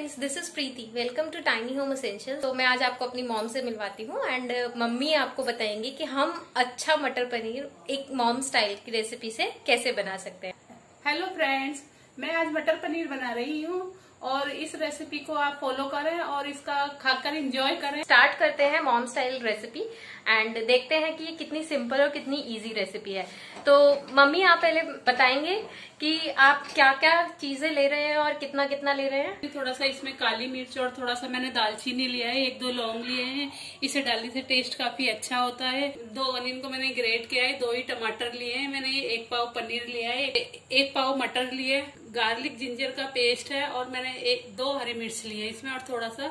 friends this is Preeti welcome to tiny home essential तो मैं आज आपको अपनी मॉम से मिलवाती हूँ एंड uh, मम्मी आपको बताएंगे कि हम अच्छा मटर पनीर एक मॉम स्टाइल की रेसिपी से कैसे बना सकते हैं हेलो फ्रेंड्स मैं आज मटर पनीर बना रही हूँ और इस रेसिपी को आप फॉलो करें और इसका खाकर इंजॉय करें स्टार्ट करते हैं मॉम स्टाइल रेसिपी एंड देखते हैं कि ये कितनी सिंपल और कितनी इजी रेसिपी है तो मम्मी आप पहले बताएंगे कि आप क्या क्या चीजें ले रहे हैं और कितना कितना ले रहे हैं थोड़ा सा इसमें काली मिर्च और थोड़ा सा मैंने दालचीनी लिया है एक दो लौंग लिए हैं इसे डालने से टेस्ट काफी अच्छा होता है दो अनियन को मैंने ग्रेट किया है दो ही टमाटर लिए हैं मैंने एक पाव पनीर लिया है एक पाव मटर लिए गार्लिक जिंजर का पेस्ट है और मैंने एक दो हरी मिर्च ली है इसमें और थोड़ा सा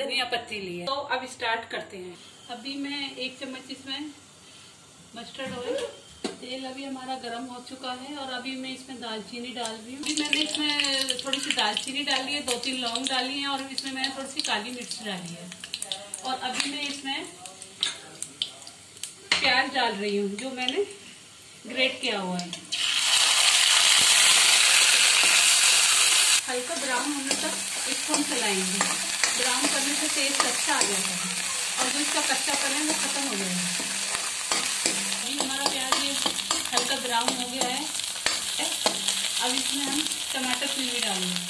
धनिया पत्ती ली है तो अब स्टार्ट करते हैं अभी मैं एक चम्मच इसमें मस्टर्ड ऑयल तेल अभी हमारा गर्म हो चुका है और अभी मैं इसमें दालचीनी डाल रही हूँ मैंने इसमें थोड़ी सी दालचीनी डाली है दो तीन लौंग डाली है और इसमें मैंने थोड़ी सी काली मिर्च डाली है और अभी मैं इसमें प्याज डाल रही हूँ जो मैंने ग्रेट किया हुआ है तक इसको हम चलाएंगे ब्राउन करने से टेस्ट अच्छा आ जाता है और जो इसका कच्चा पन है वो खत्म हो जाएगा ये हमारा प्याज ये हल्का ब्राउन हो गया है अब इसमें हम टमाटर प्यूरी डालेंगे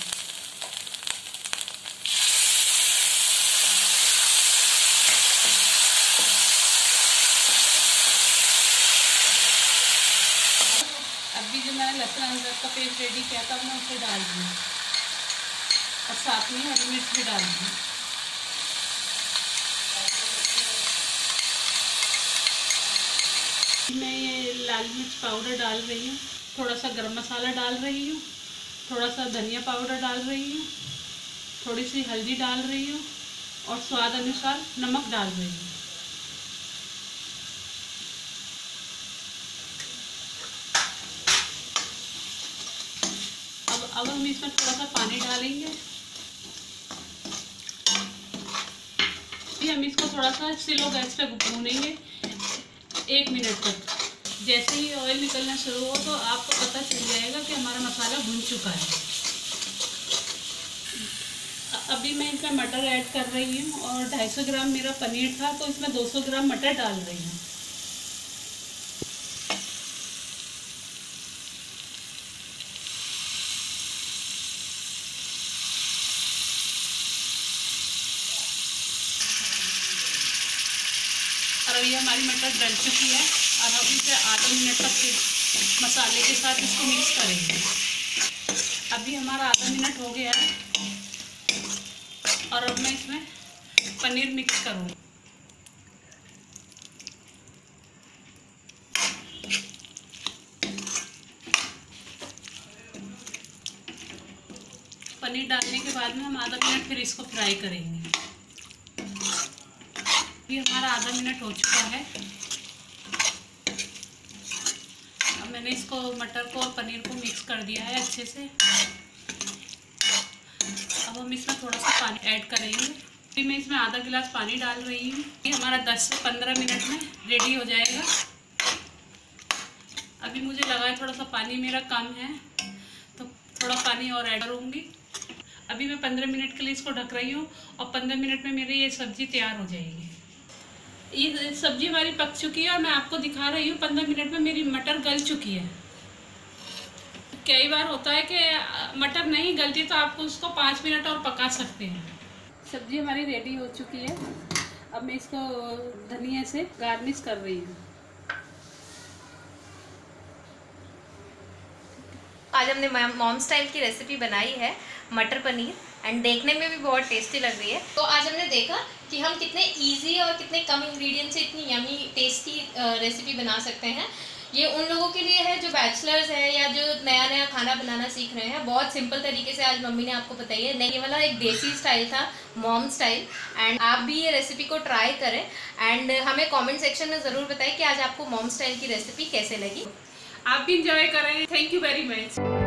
अभी जो मैंने लहसुन अदरक का पेस्ट रेडी किया था मैं उसे डाल दूँगी और साथ में हरी मिर्च भी डाल दी मैं ये लाल मिर्च पाउडर डाल रही हूँ थोड़ा सा गरम मसाला डाल रही हूँ थोड़ा सा धनिया पाउडर डाल रही हूँ थोड़ी सी हल्दी डाल रही हूँ और स्वाद अनुसार नमक डाल रही हूँ अब अब हम इसमें थोड़ा सा पानी डालेंगे हम इसको थोड़ा सा स्लो गैस पे भूनेंगे एक मिनट तक जैसे ही ऑयल निकलना शुरू हो तो आपको पता चल जाएगा कि हमारा मसाला भुन चुका है अभी मैं इसमें मटर ऐड कर रही हूँ और 250 ग्राम मेरा पनीर था तो इसमें 200 ग्राम मटर डाल रही हूँ और ये हमारी मटर डल चुकी है और हम इसे आधा मिनट तक फिर मसाले के साथ इसको मिक्स करेंगे अभी हमारा आधा मिनट हो गया है और अब मैं इसमें पनीर मिक्स करूँगी पनीर डालने के बाद में हम आधा मिनट फिर इसको फ्राई करेंगे ये हमारा आधा मिनट हो चुका है अब मैंने इसको मटर को और पनीर को मिक्स कर दिया है अच्छे से अब हम इसमें थोड़ा सा पानी ऐड करेंगे फिर मैं इसमें आधा गिलास पानी डाल रही हूँ ये हमारा 10 से 15 मिनट में रेडी हो जाएगा अभी मुझे लगा है थोड़ा सा पानी मेरा कम है तो थोड़ा पानी और ऐड करूँगी अभी मैं 15 मिनट के लिए इसको ढक रही हूँ और 15 मिनट में मेरी ये सब्ज़ी तैयार हो जाएगी ये सब्जी हमारी पक चुकी है और मैं आपको दिखा रही हूँ पंद्रह मिनट में मेरी मटर गल चुकी है कई बार होता है कि मटर नहीं गलती तो आपको उसको पाँच मिनट और पका सकते हैं सब्जी हमारी रेडी हो चुकी है अब मैं इसको धनिया से गार्निश कर रही हूँ आज हमने मॉम स्टाइल की रेसिपी बनाई है मटर पनीर एंड देखने में भी बहुत टेस्टी लग रही है तो आज हमने देखा कि हम कितने इजी और कितने कम इंग्रेडिएंट से इतनी यमी टेस्टी रेसिपी बना सकते हैं ये उन लोगों के लिए है जो बैचलर्स है या जो नया नया खाना बनाना सीख रहे हैं बहुत सिंपल तरीके से आज मम्मी ने आपको बताई है नहीं वाला एक देसी स्टाइल था मॉम स्टाइल एंड आप भी ये रेसिपी को ट्राई करें एंड हमें कमेंट सेक्शन में ज़रूर बताएं कि आज आपको मॉम स्टाइल की रेसिपी कैसे लगी आप भी इंजॉय करें थैंक यू वेरी मच